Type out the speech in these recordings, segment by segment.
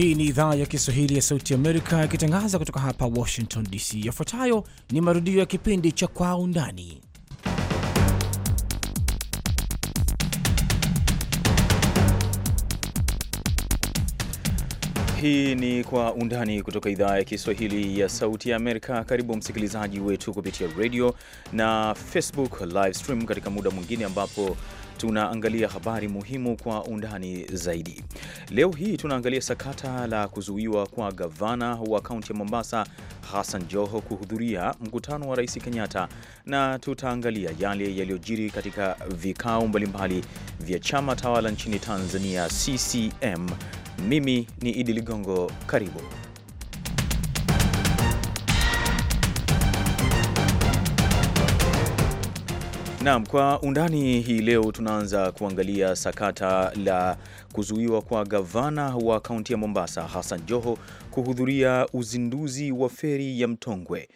Hii ni idhaa ya Kiswahili ya Sauti Amerika ikitangaza kutoka hapa Washington DC. Yafuatayo ni marudio ya kipindi cha Kwa Undani. Hii ni Kwa Undani kutoka idhaa ya Kiswahili ya Sauti ya Amerika. Karibu msikilizaji wetu kupitia radio na Facebook live stream katika muda mwingine ambapo tunaangalia habari muhimu kwa undani zaidi. Leo hii tunaangalia sakata la kuzuiwa kwa gavana wa kaunti ya Mombasa Hassan Joho kuhudhuria mkutano wa Rais Kenyatta, na tutaangalia yale yaliyojiri katika vikao mbalimbali vya chama tawala nchini Tanzania CCM. Mimi ni Idi Ligongo, karibu. Naam, kwa undani hii leo tunaanza kuangalia sakata la kuzuiwa kwa gavana wa kaunti ya Mombasa Hassan Joho kuhudhuria uzinduzi wa feri ya Mtongwe,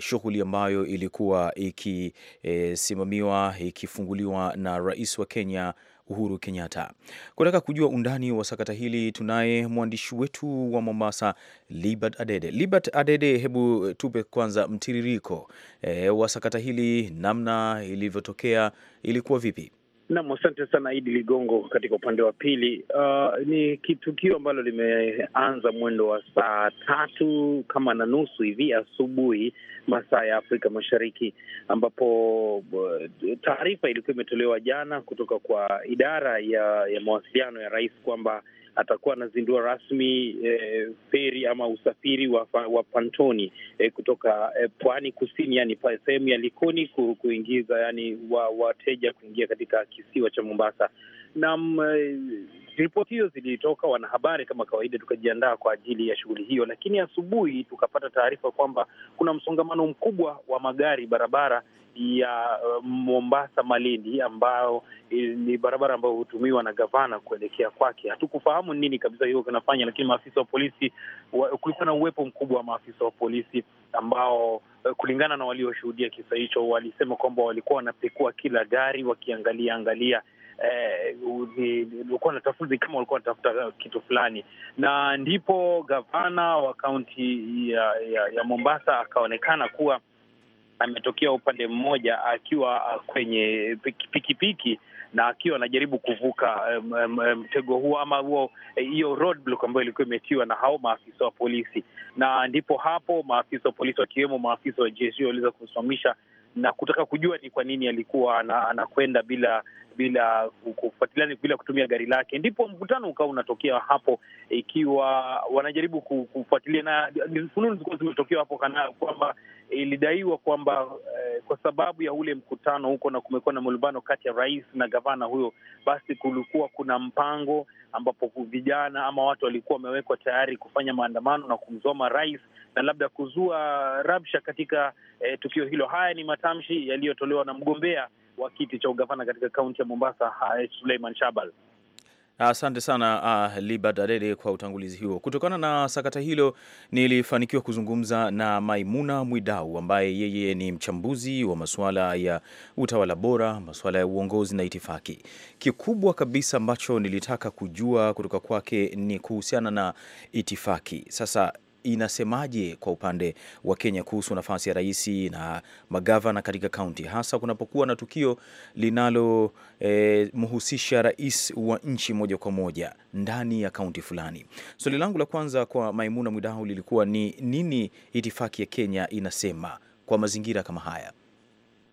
shughuli ambayo ilikuwa ikisimamiwa e, ikifunguliwa na rais wa Kenya Uhuru Kenyatta. Kutaka kujua undani wa sakata hili, tunaye mwandishi wetu wa Mombasa, Libert Adede. Libert Adede, hebu tupe kwanza mtiririko e, wa sakata hili, namna ilivyotokea, ilikuwa vipi? Nam, asante sana Idi Ligongo. Katika upande wa pili, uh, ni kitukio ambalo limeanza mwendo wa saa tatu kama na nusu hivi asubuhi masaa ya Afrika Mashariki, ambapo uh, taarifa ilikuwa imetolewa jana kutoka kwa idara ya, ya mawasiliano ya rais kwamba atakuwa anazindua rasmi eh, feri ama usafiri wa, wa pantoni eh, kutoka eh, pwani kusini, yani sehemu ya Likoni kuingiza yani wateja wa kuingia katika kisiwa cha Mombasa na eh, ripoti hiyo zilitoka, wanahabari kama kawaida, tukajiandaa kwa ajili ya shughuli hiyo, lakini asubuhi tukapata taarifa kwamba kuna msongamano mkubwa wa magari barabara ya eh, Mombasa Malindi, ambayo eh, ni barabara ambayo hutumiwa na gavana kuelekea kwake. Hatukufahamu nini kabisa hiyo kinafanya, lakini maafisa wa polisi, kulikuwa na uwepo mkubwa wa maafisa wa polisi ambao kulingana na walioshuhudia kisa hicho walisema kwamba walikuwa wanapekua kila gari wakiangalia angalia eh, natafuta kama ulikuwa natafuta eh, kitu fulani, na ndipo gavana wa kaunti ya, ya, ya Mombasa akaonekana kuwa ametokea upande mmoja akiwa eh, kwenye pikipiki piki, na akiwa anajaribu kuvuka eh, mtego huo ama huo hiyo roadblock ambayo ilikuwa imetiwa na hao maafisa wa polisi, na ndipo hapo maafisa wa polisi wakiwemo maafisa wa jeshi waliweza kusimamisha na kutaka kujua ni kwa nini alikuwa anakwenda bila bila kufuatiliana, bila kutumia gari lake, ndipo mvutano ukawa unatokea hapo, ikiwa wanajaribu kufuatilia, na fununu zilikuwa zimetokea hapo kana kwamba ilidaiwa kwamba eh, kwa sababu ya ule mkutano huko na kumekuwa na mlumbano kati ya rais na gavana huyo, basi kulikuwa kuna mpango ambapo vijana ama watu walikuwa wamewekwa tayari kufanya maandamano na kumzoma rais na labda kuzua rabsha katika eh, tukio hilo. Haya ni matamshi yaliyotolewa na mgombea wa kiti cha ugavana katika kaunti ya Mombasa, Suleiman Shabal. Asante sana uh, Liba Dadede kwa utangulizi huo. Kutokana na sakata hilo, nilifanikiwa kuzungumza na Maimuna Mwidau ambaye yeye ni mchambuzi wa masuala ya utawala bora, masuala ya uongozi na itifaki. Kikubwa kabisa ambacho nilitaka kujua kutoka kwake ni kuhusiana na itifaki. Sasa inasemaje kwa upande wa Kenya kuhusu nafasi ya rais na magavana katika kaunti, hasa kunapokuwa na tukio linalomhusisha eh, e, rais wa nchi moja kwa moja ndani ya kaunti fulani? Swali so, langu la kwanza kwa Maimuna Mwidau lilikuwa ni nini itifaki ya Kenya inasema kwa mazingira kama haya?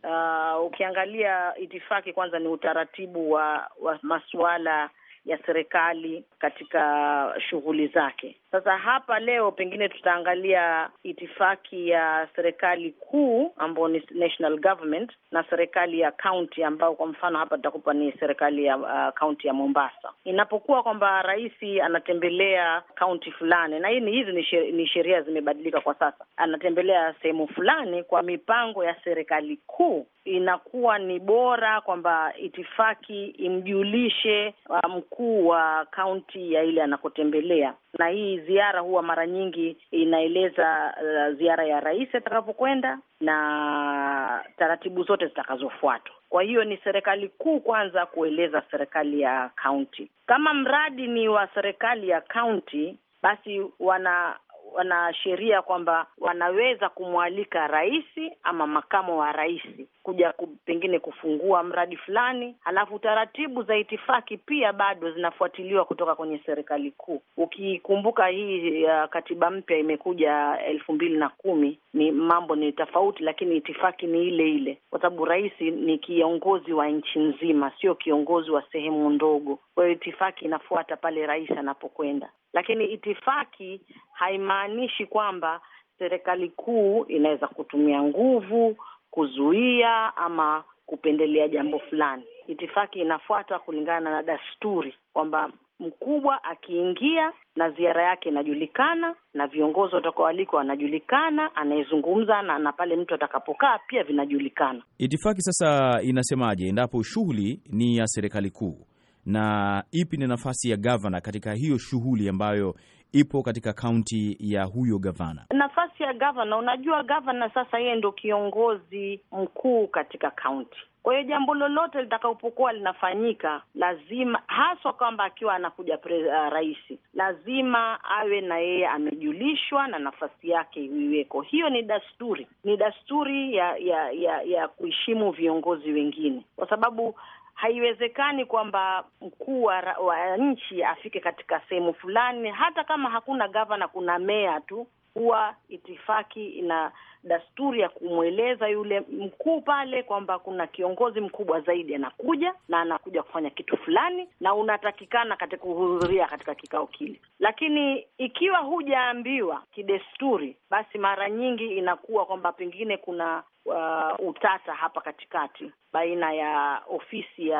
Uh, ukiangalia itifaki kwanza ni utaratibu wa, wa masuala ya serikali katika shughuli zake sasa hapa leo pengine tutaangalia itifaki ya serikali kuu ambayo ni national government na serikali ya kaunti, ambao kwa mfano hapa tutakupa ni serikali ya kaunti uh, ya Mombasa. Inapokuwa kwamba rais anatembelea kaunti fulani, na hii ni hizi ni sheria zimebadilika kwa sasa, anatembelea sehemu fulani kwa mipango ya serikali kuu, inakuwa ni bora kwamba itifaki imjulishe uh, mkuu wa kaunti ya ile anakotembelea, na hii ziara huwa mara nyingi inaeleza uh, ziara ya rais atakapokwenda na taratibu zote zitakazofuatwa. Kwa hiyo ni serikali kuu kwanza kueleza serikali ya kaunti. Kama mradi ni wa serikali ya kaunti, basi wana wanasheria kwamba wanaweza kumwalika rais ama makamo wa rais kuja pengine kufungua mradi fulani, halafu taratibu za itifaki pia bado zinafuatiliwa kutoka kwenye serikali kuu. Ukikumbuka hii uh, katiba mpya imekuja elfu mbili na kumi, ni mambo ni tofauti, lakini itifaki ni ile ile, kwa sababu rais ni kiongozi wa nchi nzima, sio kiongozi wa sehemu ndogo. Kwa hiyo itifaki inafuata pale rais anapokwenda, lakini itifaki haimaanishi kwamba serikali kuu inaweza kutumia nguvu kuzuia ama kupendelea jambo fulani. Itifaki inafuata kulingana na dasturi kwamba mkubwa akiingia na ziara yake inajulikana na viongozi watakaoalikwa wanajulikana, anayezungumza na, na pale mtu atakapokaa pia vinajulikana. Itifaki sasa inasemaje endapo shughuli ni ya serikali kuu na ipi ni nafasi ya gavana katika hiyo shughuli ambayo ipo katika kaunti ya huyo gavana. Nafasi ya gavana, unajua gavana sasa yeye ndo kiongozi mkuu katika kaunti. Kwa hiyo jambo lolote litakapokuwa linafanyika lazima haswa kwamba akiwa anakuja pre, uh, rais lazima awe na yeye amejulishwa na nafasi yake iweko. Hiyo ni dasturi, ni dasturi ya ya ya, ya kuheshimu viongozi wengine, kwa sababu haiwezekani kwamba mkuu wa nchi afike katika sehemu fulani, hata kama hakuna gavana, kuna meya tu kuwa itifaki ina dasturi ya kumweleza yule mkuu pale kwamba kuna kiongozi mkubwa zaidi anakuja na anakuja kufanya kitu fulani, na unatakikana katika kuhudhuria katika kikao kile. Lakini ikiwa hujaambiwa kidesturi, basi mara nyingi inakuwa kwamba pengine kuna uh, utata hapa katikati baina ya ofisi ya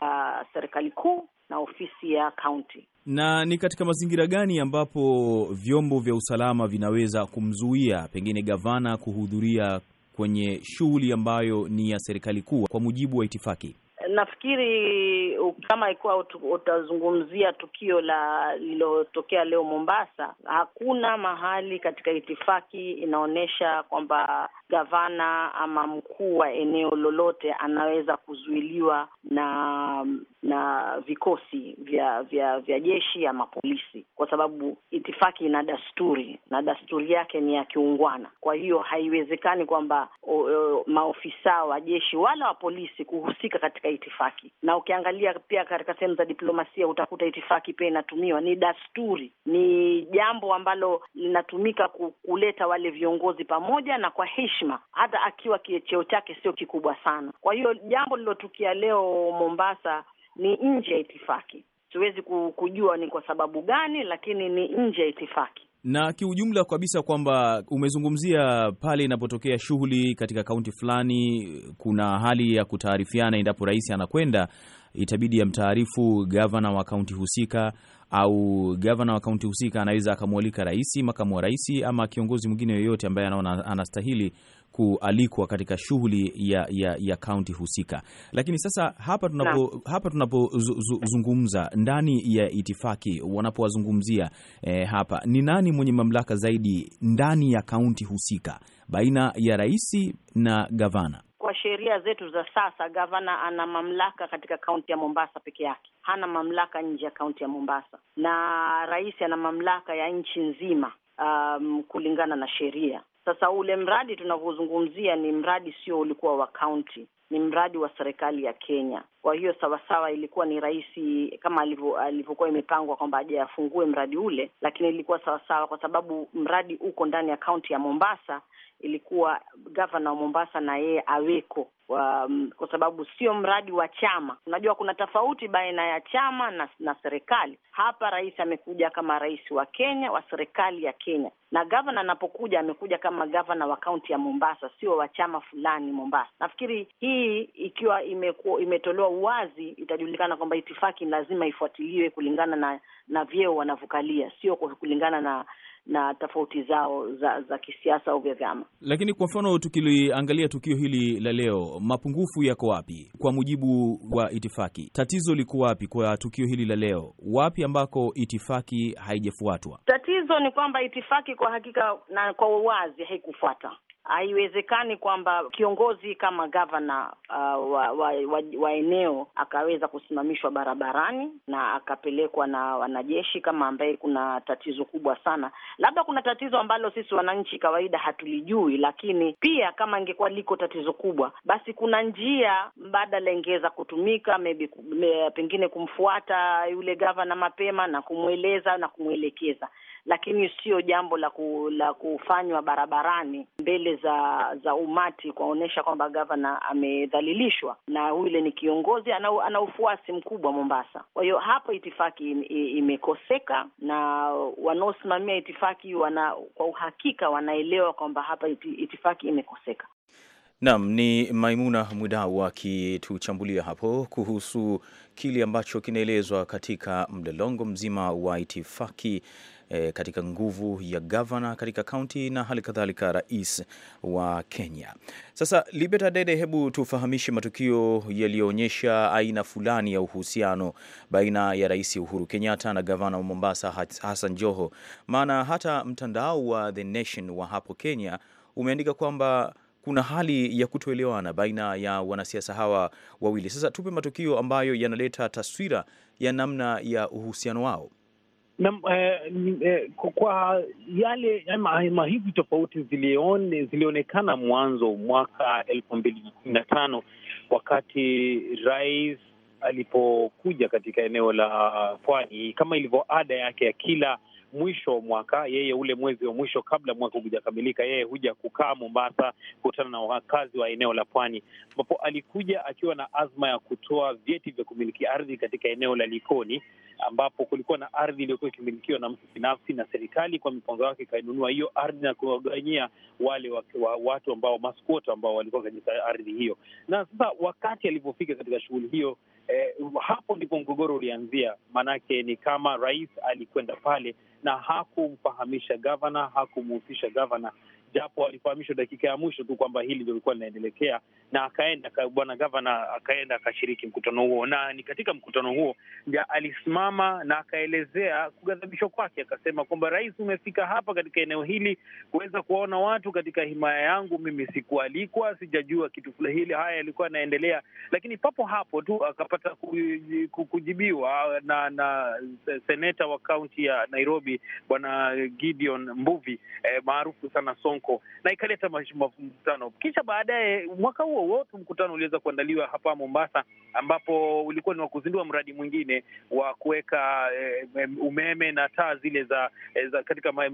serikali kuu na ofisi ya kaunti. Na ni katika mazingira gani ambapo vyombo vya usalama vinaweza kumzuia pengine gavana kuhudhuria kwenye shughuli ambayo ni ya serikali kuu kwa mujibu wa itifaki? Nafikiri kama ikuwa utazungumzia tukio la lililotokea leo Mombasa, hakuna mahali katika itifaki inaonyesha kwamba gavana ama mkuu wa eneo lolote anaweza kuzuiliwa na na vikosi vya vya vya jeshi ama polisi, kwa sababu itifaki ina dasturi na dasturi yake ni ya kiungwana. Kwa hiyo haiwezekani kwamba maofisa wa jeshi wala wa polisi kuhusika katika katika itifaki. Na ukiangalia pia katika sehemu za diplomasia utakuta itifaki pia inatumiwa, ni dasturi, ni jambo ambalo linatumika kuleta wale viongozi pamoja na kwa heshima, hata akiwa kiecheo chake sio kikubwa sana. Kwa hiyo jambo lilotukia leo Mombasa ni nje ya itifaki. Siwezi kujua ni kwa sababu gani, lakini ni nje ya itifaki na kiujumla kabisa kwamba umezungumzia pale inapotokea shughuli katika kaunti fulani, kuna hali ya kutaarifiana. Endapo rais anakwenda, itabidi amtaarifu gavana wa kaunti husika, au gavana wa kaunti husika anaweza akamwalika rais, makamu wa rais, ama kiongozi mwingine yoyote ambaye anaona anastahili kualikwa katika shughuli ya, ya, ya kaunti husika. Lakini sasa hapa tunapo hapa tunapozungumza ndani ya itifaki wanapowazungumzia eh, hapa ni nani mwenye mamlaka zaidi ndani ya kaunti husika baina ya rais na gavana? Kwa sheria zetu za sasa, gavana ana mamlaka katika kaunti ya Mombasa peke yake, hana mamlaka nje ya kaunti ya Mombasa, na rais ana mamlaka ya nchi nzima. Um, kulingana na sheria sasa ule mradi tunavyozungumzia ni mradi sio ulikuwa wa kaunti, ni mradi wa serikali ya Kenya. Kwa hiyo sawasawa, ilikuwa ni rahisi kama alivyokuwa imepangwa kwamba aje afungue mradi ule, lakini ilikuwa sawasawa kwa sababu mradi uko ndani ya kaunti ya Mombasa. Ilikuwa gavana wa Mombasa na yeye aweko um, kwa sababu sio mradi wa chama. Unajua kuna tofauti baina ya chama na, na serikali. Hapa rais amekuja kama rais wa Kenya wa serikali ya Kenya, na gavana anapokuja amekuja kama gavana wa kaunti ya Mombasa, sio wa chama fulani Mombasa. Nafikiri hii ikiwa imekuwa imetolewa uwazi, itajulikana kwamba itifaki lazima ifuatiliwe kulingana na na vyeo wanavyokalia, sio kulingana na na tofauti zao za, za kisiasa au vya vyama. Lakini kwa mfano tukiliangalia tukio hili la leo, mapungufu yako wapi kwa mujibu wa itifaki? Tatizo liko wapi kwa tukio hili la leo? Wapi ambako itifaki haijafuatwa? Tatizo ni kwamba itifaki kwa hakika na kwa uwazi haikufuata Haiwezekani kwamba kiongozi kama gavana uh, wa, wa, wa, wa eneo akaweza kusimamishwa barabarani na akapelekwa na wanajeshi kama ambaye kuna tatizo kubwa sana. Labda kuna tatizo ambalo sisi wananchi kawaida hatulijui, lakini pia kama ingekuwa liko tatizo kubwa, basi kuna njia mbadala ingeweza kutumika, maybe pengine kumfuata yule gavana mapema na kumweleza na kumwelekeza lakini sio jambo la, ku, la kufanywa barabarani mbele za za umati kuwaonyesha kwamba gavana amedhalilishwa, na yule ni kiongozi ana, ana ufuasi mkubwa Mombasa. Kwa hiyo hapa itifaki imekoseka, na wanaosimamia itifaki wana, kwa uhakika wanaelewa kwamba hapa itifaki imekoseka. Naam, ni Maimuna Mwidau akituchambulia hapo kuhusu kile ambacho kinaelezwa katika mlolongo mzima wa itifaki e, katika nguvu ya gavana katika kaunti na hali kadhalika rais wa Kenya. Sasa libeta dede hebu tufahamishe matukio yaliyoonyesha aina fulani ya uhusiano baina ya Rais Uhuru Kenyatta na gavana wa Mombasa Hassan Joho, maana hata mtandao wa The Nation wa hapo Kenya umeandika kwamba kuna hali ya kutoelewana baina ya wanasiasa hawa wawili. Sasa tupe matukio ambayo yanaleta taswira ya namna ya uhusiano wao na, eh, eh kwa yale ama eh, hizi tofauti zilione, zilionekana mwanzo mwaka elfu mbili kumi na tano wakati rais alipokuja katika eneo la pwani kama ilivyo ada yake ya kila mwisho wa mwaka, yeye ule mwezi wa mwisho kabla mwaka hujakamilika, yeye huja kukaa Mombasa kukutana na wakazi wa eneo la pwani, ambapo alikuja akiwa na azma ya kutoa vyeti vya kumiliki ardhi katika eneo la Likoni ambapo kulikuwa na ardhi iliyokuwa ikimilikiwa na mtu binafsi na serikali kwa mipango yake ikainunua hiyo ardhi na kuwaganyia wale wa, wa, watu ambao maskwota ambao walikuwa katika ardhi hiyo. Na sasa wakati alipofika katika shughuli hiyo eh, hapo ndipo mgogoro ulianzia, maanake ni kama rais alikwenda pale na hakumfahamisha gavana, hakumhusisha gavana japo alifahamishwa dakika ya mwisho tu kwamba hili ndio likuwa linaendelekea, na akaenda bwana gavana akaenda akashiriki mkutano huo, na ni katika mkutano huo ja, alisimama na akaelezea kughadhabishwa kwake, akasema kwamba rais, umefika hapa katika eneo hili kuweza kuwaona watu katika himaya yangu, mimi sikualikwa, sijajua kitu hili, haya yalikuwa yanaendelea, lakini papo hapo tu akapata kujibiwa na na seneta wa kaunti ya Nairobi bwana Gideon Mbuvi eh, maarufu sana Song Blanco na ikaleta mvutano. Kisha baadaye mwaka huo wote mkutano uliweza kuandaliwa hapa Mombasa, ambapo ulikuwa ni wa kuzindua mradi mwingine wa kuweka eh, umeme na taa zile za, eh, za katika ma,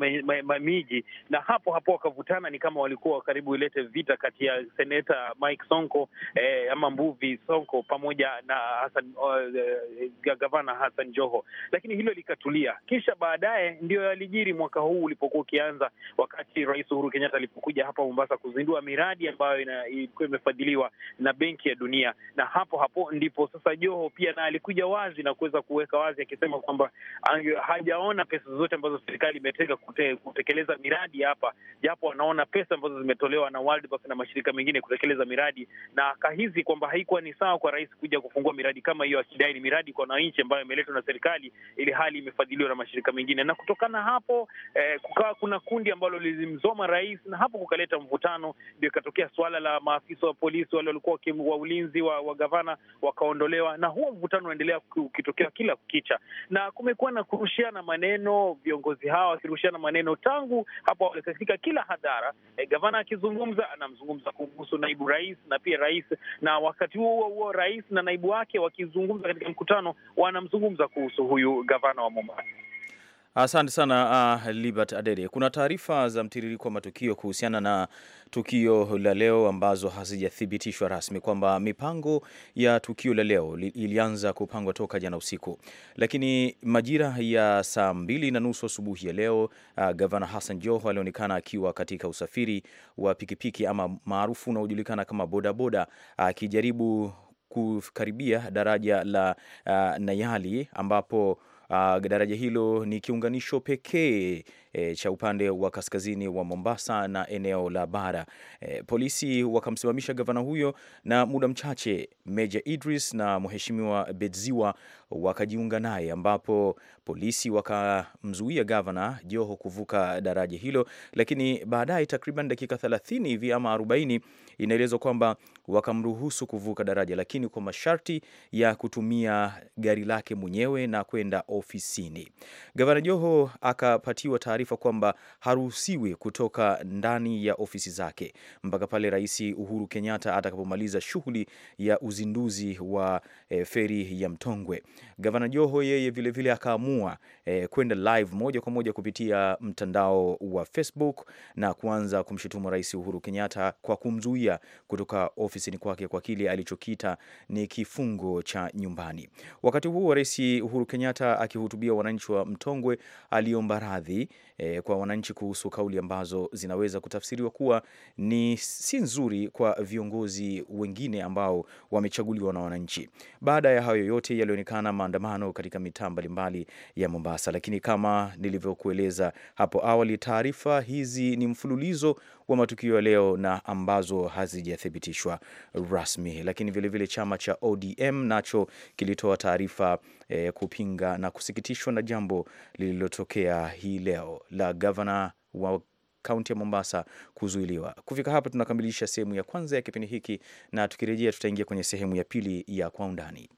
na hapo hapo wakavutana, ni kama walikuwa karibu ilete vita kati ya seneta Mike Sonko eh, ama Mbuvi Sonko pamoja na Hassan, uh, gavana Hassan Joho, lakini hilo likatulia. Kisha baadaye ndio yalijiri mwaka huu ulipokuwa ukianza, wakati Rais Uhuru Kenyatta alipokuja hapa Mombasa kuzindua miradi ambayo ilikuwa imefadhiliwa na Benki ya Dunia, na hapo hapo ndipo sasa Joho pia na alikuja wazi na kuweza kuweka wazi akisema kwamba hajaona pesa zozote ambazo serikali imetega kute, kutekeleza miradi hapa, japo anaona pesa ambazo zimetolewa na World Bank na mashirika mengine kutekeleza miradi, na akahizi kwamba haikuwa ni sawa kwa rais kuja kufungua miradi kama hiyo, akidai ni miradi kwa wananchi ambayo imeletwa na serikali, ili hali imefadhiliwa na mashirika mengine. Na kutokana hapo eh, kukawa kuna kundi ambalo lilimzoma rais rais, na hapo kukaleta mvutano. Ndio ikatokea suala la maafisa wa polisi wale walikuwa wa ulinzi wa, wa gavana wakaondolewa, na huo mvutano unaendelea ukitokea kila kukicha, na kumekuwa na kurushiana maneno, viongozi hawa wakirushiana maneno tangu hapo awali, katika kila hadhara eh, gavana akizungumza anamzungumza kuhusu naibu rais na pia rais, na wakati huo huo rais na naibu wake wakizungumza katika mkutano wanamzungumza kuhusu huyu gavana wa Mombasa. Asante sana uh, Libert Adede. Kuna taarifa za mtiririko wa matukio kuhusiana na tukio la leo ambazo hazijathibitishwa rasmi kwamba mipango ya tukio la leo ilianza kupangwa toka jana usiku, lakini majira ya saa mbili na nusu asubuhi ya leo uh, gavana Hassan Joho alionekana akiwa katika usafiri wa pikipiki ama maarufu unaojulikana kama bodaboda akijaribu uh, kukaribia daraja la uh, Nayali ambapo Uh, daraja hilo ni kiunganisho pekee e, cha upande wa kaskazini wa Mombasa na eneo la bara. E, polisi wakamsimamisha gavana huyo, na muda mchache Meja Idris na Mheshimiwa Bedziwa wakajiunga naye, ambapo polisi wakamzuia gavana Joho kuvuka daraja hilo, lakini baadaye takriban dakika 30 hivi ama 40 inaelezwa kwamba wakamruhusu kuvuka daraja, lakini kwa masharti ya kutumia gari lake mwenyewe na kwenda ofisini. Gavana Joho akapatiwa taarifa taarifa kwamba haruhusiwi kutoka ndani ya ofisi zake mpaka pale Rais Uhuru Kenyatta atakapomaliza shughuli ya uzinduzi wa e, feri ya Mtongwe. Gavana Joho yeye vilevile akaamua e, kwenda live moja kwa moja kupitia mtandao wa Facebook na kuanza kumshutumu Rais Uhuru Kenyatta kwa kumzuia kutoka ofisini kwake kwa kile alichokita ni kifungo cha nyumbani. Wakati huo Rais Uhuru Kenyatta akihutubia wananchi wa Mtongwe aliomba radhi e, kwa wananchi kuhusu kauli ambazo zinaweza kutafsiriwa kuwa ni si nzuri kwa viongozi wengine ambao wamechaguliwa na wananchi. Baada ya hayo yote yalionekana maandamano katika mitaa mbalimbali ya Mombasa, lakini kama nilivyokueleza hapo awali, taarifa hizi ni mfululizo wa matukio ya leo na ambazo hazijathibitishwa rasmi. Lakini vilevile vile chama cha ODM nacho kilitoa taarifa e, kupinga na kusikitishwa na jambo lililotokea hii leo la gavana wa kaunti ya Mombasa kuzuiliwa. Kufika hapa, tunakamilisha sehemu ya kwanza ya kipindi hiki, na tukirejea tutaingia kwenye sehemu ya pili ya kwa undani.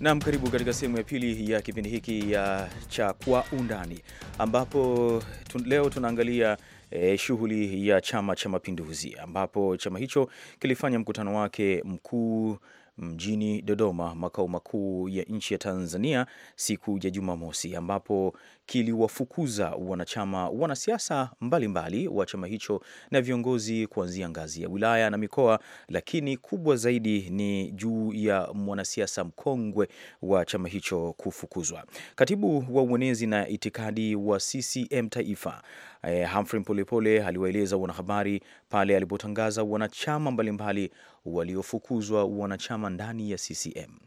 Nam, karibu katika sehemu ya pili ya kipindi hiki ya cha Kwa Undani, ambapo tun leo tunaangalia e, shughuli ya Chama cha Mapinduzi, ambapo chama hicho kilifanya mkutano wake mkuu mjini Dodoma, makao makuu ya nchi ya Tanzania, siku ya Jumamosi, ambapo kiliwafukuza wanachama wanasiasa mbalimbali wa chama hicho na viongozi kuanzia ngazi ya wilaya na mikoa, lakini kubwa zaidi ni juu ya mwanasiasa mkongwe wa chama hicho kufukuzwa. Katibu wa uenezi na itikadi wa CCM taifa eh, Humphrey Polepole aliwaeleza wanahabari pale alipotangaza wanachama mbalimbali waliofukuzwa wanachama ndani ya CCM.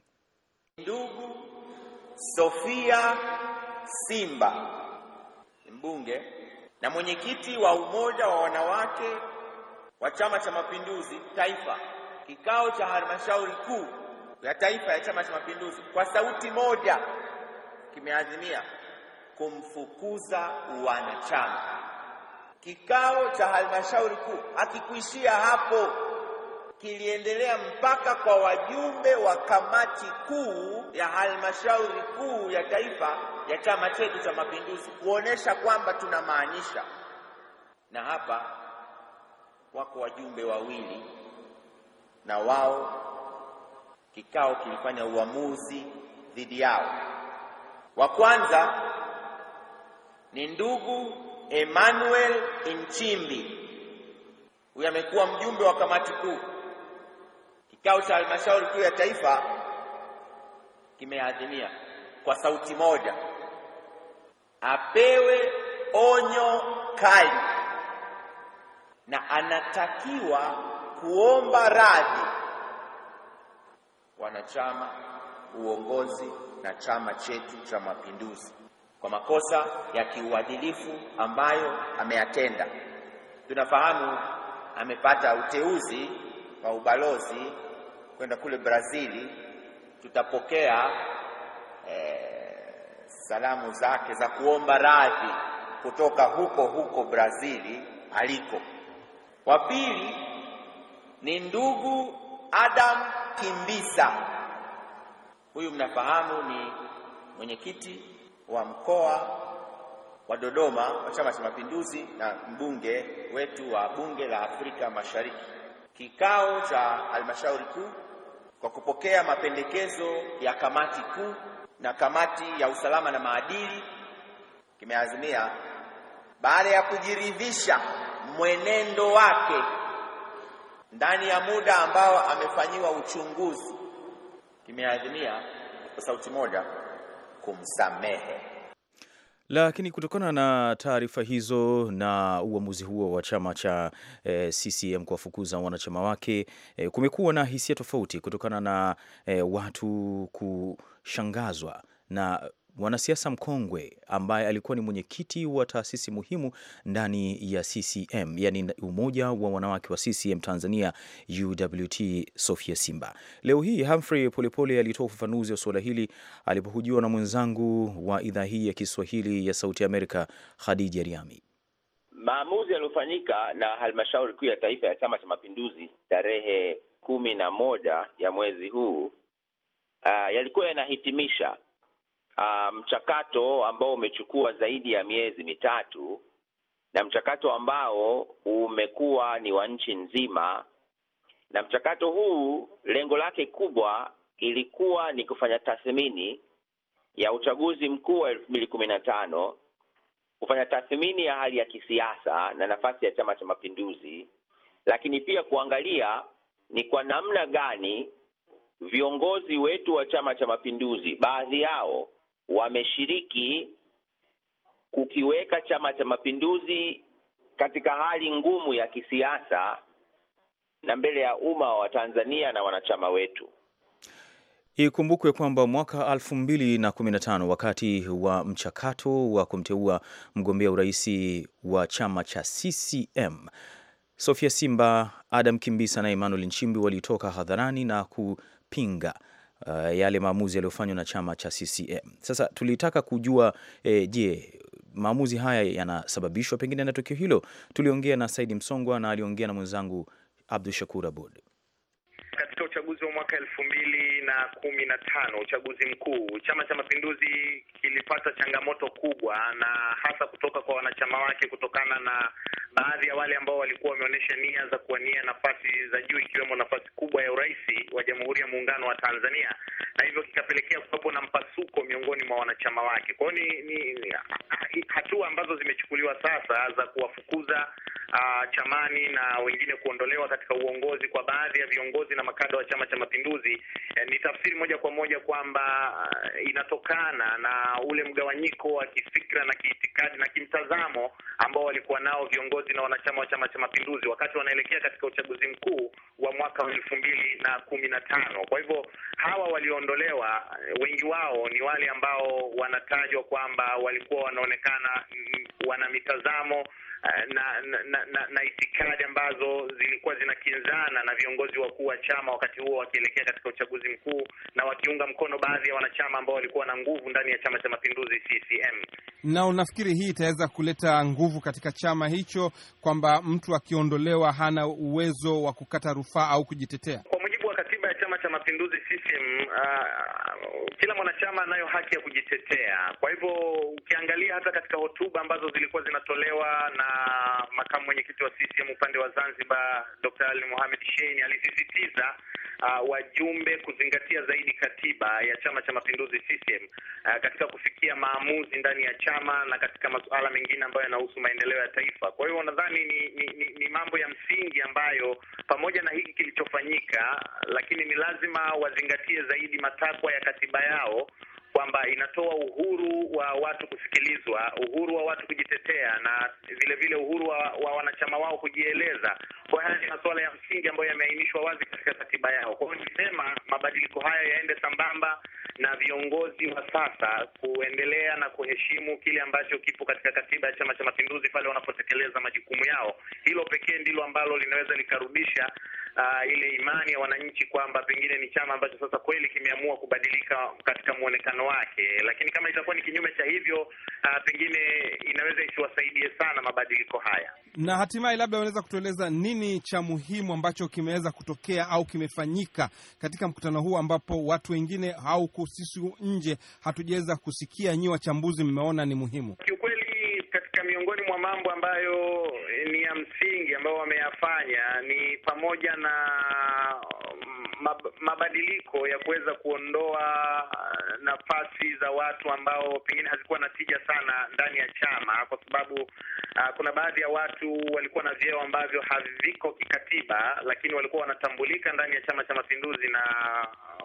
Ndugu Sofia Simba mbunge na mwenyekiti wa umoja wa wanawake wa Chama cha Mapinduzi taifa, kikao cha halmashauri kuu ya taifa ya Chama cha Mapinduzi kwa sauti moja kimeazimia kumfukuza wanachama. Kikao cha halmashauri kuu hakikuishia hapo, kiliendelea mpaka kwa wajumbe wa kamati kuu ya halmashauri kuu ya taifa ya chama chetu cha mapinduzi, kuonesha kwamba tunamaanisha. Na hapa wako wajumbe wawili, na wao kikao kilifanya uamuzi dhidi yao. Wa kwanza ni ndugu Emmanuel Nchimbi, huyu amekuwa mjumbe wa kamati kuu. Kikao cha halmashauri kuu ya taifa kimeadhimia kwa sauti moja, apewe onyo kali na anatakiwa kuomba radhi wanachama, uongozi na Chama chetu cha Mapinduzi kwa makosa ya kiuadilifu ambayo ameyatenda. Tunafahamu amepata uteuzi wa ubalozi kwenda kule Brazili. Tutapokea eh, salamu zake za kuomba radhi kutoka huko huko Brazili aliko. Wa pili ni ndugu Adam Kimbisa, huyu mnafahamu ni mwenyekiti wa mkoa wa Dodoma wa Chama cha Mapinduzi na mbunge wetu wa Bunge la Afrika Mashariki, kikao cha halmashauri kuu kwa kupokea mapendekezo ya kamati kuu na kamati ya usalama na maadili kimeazimia baada ya kujiridhisha mwenendo wake ndani ya muda ambao amefanyiwa uchunguzi kimeazimia kwa sauti moja kumsamehe. Lakini kutokana na taarifa hizo na uamuzi huo wa chama cha e, eh, CCM kuwafukuza wanachama wake e, kumekuwa na hisia tofauti kutokana na e, watu kushangazwa na mwanasiasa mkongwe ambaye alikuwa ni mwenyekiti wa taasisi muhimu ndani ya CCM, yani umoja wa wanawake wa CCM Tanzania UWT, Sofia Simba. Leo hii Humphrey Polepole alitoa ufafanuzi wa suala hili alipohujiwa na mwenzangu wa idhaa hii ya Kiswahili ya Sauti Amerika, Khadija Riami. Maamuzi yaliyofanyika na halmashauri kuu ya taifa ya Chama cha Mapinduzi tarehe kumi na moja ya mwezi huu uh, yalikuwa yanahitimisha uh, mchakato ambao umechukua zaidi ya miezi mitatu na mchakato ambao umekuwa ni wa nchi nzima, na mchakato huu lengo lake kubwa ilikuwa ni kufanya tathmini ya uchaguzi mkuu wa elfu mbili kumi na tano, kufanya tathmini ya hali ya kisiasa na nafasi ya Chama cha Mapinduzi, lakini pia kuangalia ni kwa namna gani viongozi wetu wa Chama cha Mapinduzi, baadhi yao wameshiriki kukiweka Chama cha Mapinduzi katika hali ngumu ya kisiasa na mbele ya umma wa Tanzania na wanachama wetu. Ikumbukwe kwamba mwaka 2015 wakati wa mchakato wa kumteua mgombea urais wa chama cha CCM Sofia Simba, Adam Kimbisa na Emmanuel Nchimbi walitoka hadharani na kupinga uh, yale maamuzi yaliyofanywa na chama cha CCM. Sasa tulitaka kujua eh, je, maamuzi haya yanasababishwa pengine na tukio hilo. Tuliongea na Saidi Msongwa na aliongea na mwenzangu Abdu Shakur Abud katika uchaguzi wa mwaka elfu mbili na kumi na tano uchaguzi mkuu, Chama cha Mapinduzi kilipata changamoto kubwa, na hasa kutoka kwa wanachama wake, kutokana na baadhi ya wale ambao walikuwa wameonyesha nia za kuwania nafasi za juu, ikiwemo nafasi kubwa ya urais wa Jamhuri ya Muungano wa Tanzania, na hivyo kikapelekea kuwepo na mpasuko miongoni mwa wanachama wake. Kwa hiyo ni, ni, ni hatua ambazo zimechukuliwa sasa za kuwafukuza uh, chamani na wengine kuondolewa katika uongozi kwa baadhi ya viongozi na makazi upande wa Chama cha Mapinduzi eh, ni tafsiri moja kwa moja kwamba eh, inatokana na ule mgawanyiko wa kifikra na kiitikadi na kimtazamo ambao walikuwa nao viongozi na wanachama wa Chama cha Mapinduzi wakati wanaelekea katika uchaguzi mkuu wa mwaka wa elfu mbili na kumi na tano. Kwa hivyo hawa walioondolewa eh, wengi wao ni wale ambao wanatajwa kwamba walikuwa wanaonekana mm, wana mitazamo eh, na na, na, na itikadi ambazo zilikuwa zinakinzana na viongozi wakuu wa chama wakati huo wakielekea katika uchaguzi mkuu na wakiunga mkono baadhi ya wanachama ambao walikuwa na nguvu ndani ya Chama cha Mapinduzi CCM. Na unafikiri hii itaweza kuleta nguvu katika chama hicho kwamba mtu akiondolewa hana uwezo wa kukata rufaa au kujitetea? mapinduzi CCM, uh, ah, kila mwanachama anayo haki ya kujitetea. Kwa hivyo ukiangalia hata katika hotuba ambazo zilikuwa zinatolewa na makamu mwenyekiti wa CCM upande wa Zanzibar, Dr. Ali Mohamed Shein alisisitiza Uh, wajumbe kuzingatia zaidi katiba ya Chama cha Mapinduzi CCM, uh, ah, katika kufikia maamuzi ndani ya chama na katika masuala mengine ambayo yanahusu maendeleo ya taifa. Kwa hiyo nadhani ni, ni, ni, ni mambo ya msingi ambayo pamoja na hiki kilichofanyika, lakini ni lazima lazima wazingatie zaidi matakwa ya katiba yao kwamba inatoa uhuru wa watu kusikilizwa, uhuru wa watu kujitetea, na vile vile uhuru wa, wa wanachama wao kujieleza. Kwa haya ni masuala ya msingi ambayo yameainishwa wazi katika katiba yao. Kwa hiyo ni sema mabadiliko hayo yaende sambamba na viongozi wa sasa kuendelea na kuheshimu kile ambacho kipo katika katiba ya Chama cha Mapinduzi pale wanapotekeleza majukumu yao. Hilo pekee ndilo ambalo linaweza likarudisha uh, ile imani ya wananchi kwamba pengine ni chama ambacho sasa kweli kimeamua kubadilika katika mwonekano wake, lakini kama itakuwa ni kinyume cha hivyo, uh, pengine inaweza isiwasaidie sana mabadiliko haya. Na hatimaye, labda unaweza kutueleza nini cha muhimu ambacho kimeweza kutokea au kimefanyika katika mkutano huu ambapo watu wengine au sisi nje hatujaweza kusikia, nyiwe wachambuzi mmeona ni muhimu kiukweli? katika miongoni mwa mambo ambayo eh, ni ya msingi ambayo wameyafanya ni pamoja na mm, mabadiliko ya kuweza kuondoa eh, nafasi za watu ambao pengine hazikuwa na tija sana ndani ya chama, kwa sababu uh, kuna baadhi ya watu walikuwa na vyeo ambavyo haviko kikatiba, lakini walikuwa wanatambulika ndani ya Chama cha Mapinduzi na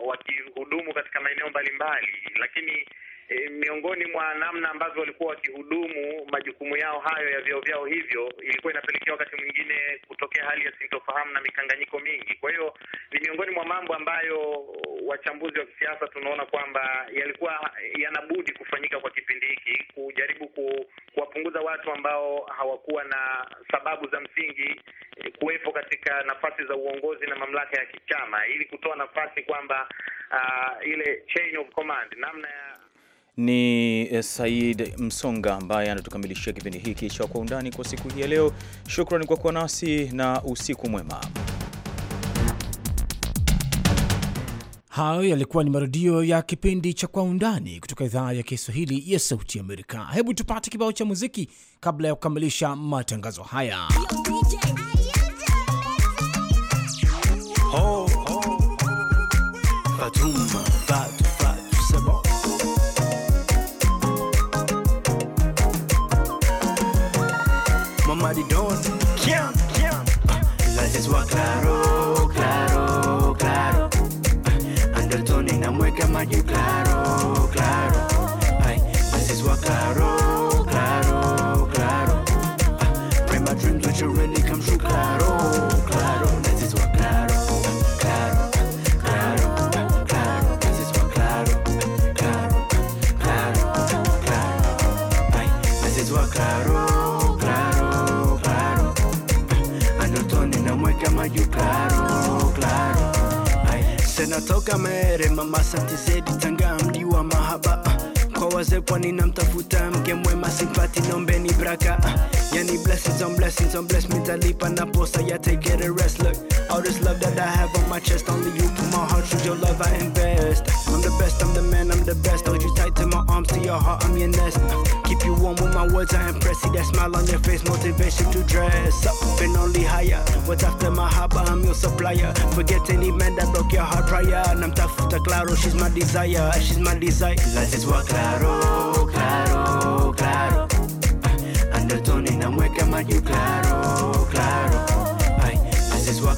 wakihudumu katika maeneo mbalimbali, lakini e, miongoni mwa namna ambazo walikuwa wakihudumu majukumu yao hayo ya vyao vyao hivyo, ilikuwa inapelekea wakati mwingine kutokea hali ya sintofahamu na mikanganyiko mingi. Kwa hiyo ni miongoni mwa mambo ambayo wachambuzi wa kisiasa tunaona kwamba yalikuwa yanabudi kufanyika kwa kipindi hiki, kujaribu ku, kuwapunguza watu ambao hawakuwa na sababu za msingi e, kuwepo katika nafasi za uongozi na mamlaka ya kichama, ili kutoa nafasi kwamba uh, ile chain of command namna ya ni eh, Said Msonga ambaye anatukamilishia kipindi hiki cha Kwa Undani kwa siku hii ya leo. Shukrani kwa kuwa nasi na usiku mwema. Hayo yalikuwa ni marudio ya kipindi cha Kwa Undani kutoka idhaa ya Kiswahili ya Sauti Amerika. Hebu tupate kibao cha muziki kabla ya kukamilisha matangazo haya. Oh, oh. somebody don't. Count, wa claro, claro, claro. Andel na mueca, maji claro. tena toka mere mama santi zedi tanga mdi wa mahaba Hawaze pwani namtafuta mke mwema, simpati nombeni braka uh, yani blessings on blessings on bless me talipa na posa ya take it a rest look all this love that I have on my chest only you put my heart through your love I invest I'm the best I'm the man I'm the best hold you tight to my arms to your heart I'm your nest ah, keep you warm with my words I impress see that smile on your face motivation to dress up and only higher what's after my but I'm your supplier forget any man that broke your heart prior I'm to Claro she's my desire she's my desire let's just walk out claro, claro, claro. Ando Tony na mweka claro, claro. Ay, haces wa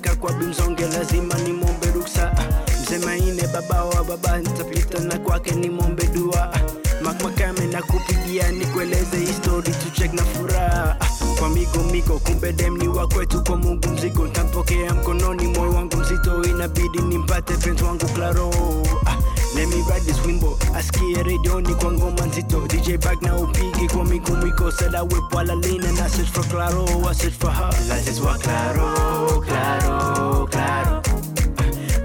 haraka kwa bimzonge, lazima nimwombe ruksa. Mzee baba wa baba, nitapita na kwake nimwombe dua. Makame na kupigia nikueleze histori, tuchek na furaha kwa migo miko, kumbe dem wa kwetu, kwa Mungu mzigo ntampokea mkononi, moyo wangu mzito, inabidi nimpate penzi wangu Claro. Ah, let me write this wimbo asikie redioni kwa ngoma nzito DJ bag na upigi kwa mikumiko sela wepwalalina na search for Claro, I search for her, la search for Claro claro, claro.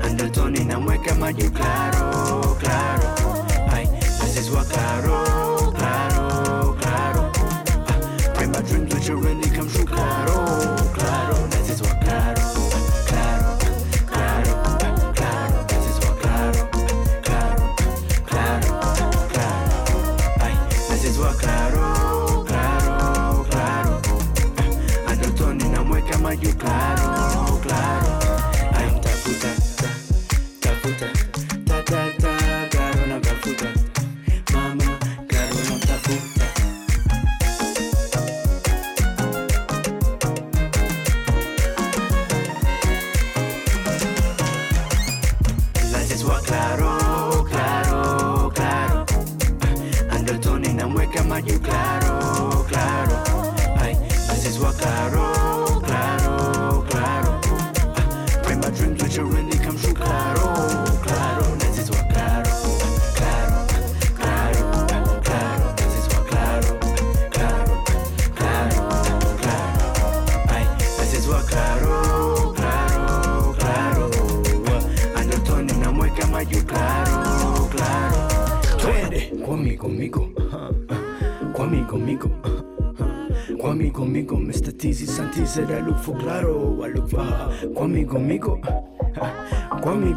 Ando the tone in and claro, claro. Ay, this is what claro.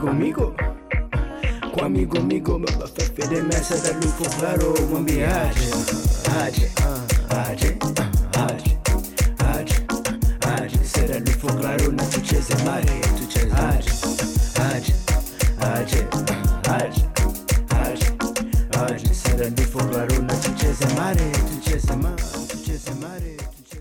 amigo, amigo. Comigo, amigo, meu café de mesa da luz raro, uma viagem.